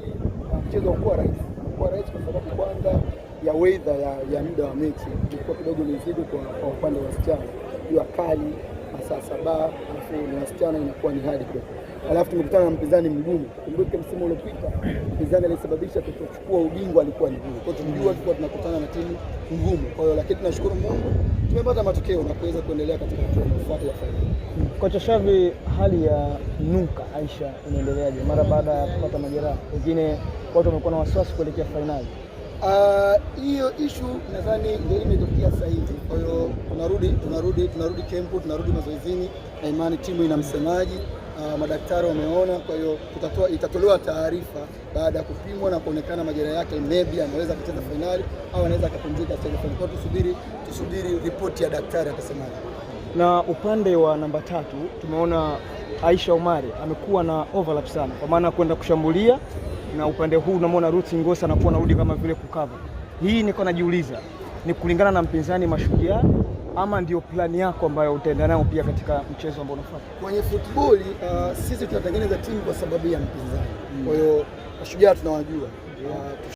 kweli mchezo kuwa rahisi, kuwa rahisi kwa sababu kwanza ya weather ya, ya muda wa mechi ilikuwa kidogo mizigo kwa upande wa wasichana, jua kali saa saba alafu ni wasichana inakuwa ni hadi kidogo, alafu tumekutana na mpinzani mgumu. Kumbuke msimu uliopita mpinzani alisababisha kutochukua ubingwa alikuwa ni Gulu, kwa hiyo tulijua tulikuwa tunakutana na timu ngumu. Kwa hiyo lakini tunashukuru Mungu tumepata matokeo na kuweza kuendelea katika hatua inayofuata ya fainali. Kocha Shavi, hali ya Nuka Aisha inaendeleaje mara baada ya kupata majeraha? Wengine watu wamekuwa na wasiwasi kuelekea fainali. Uh, hiyo uh, ishu nadhani ndio imetokea sasa hivi. Kwa hiyo tunarudi tunarudi tunarudi kempu, tunarudi mazoezini, na imani timu ina msemaji uh, madaktari wameona. Kwa hiyo itatolewa taarifa baada ya kupimwa na kuonekana majeraha yake, maybe anaweza akacheza fainali au anaweza akapumzika acheze fainali. Kwa tusubiri tusubiri ripoti ya daktari atasemaje. Na upande wa namba tatu tumeona Aisha Omari amekuwa na overlap sana, kwa maana kwenda kushambulia na upande huu unamwona Ruth Ngosa anakuwa anarudi kama vile kukava. Hii niko najiuliza ni kulingana na mpinzani Mashujaa ama ndio plani yako ambayo utaenda nayo pia katika mchezo ambao unafuata? Kwenye football uh, sisi tunatengeneza timu kwa sababu ya mpinzani. Kwa hiyo Mashujaa tunawajua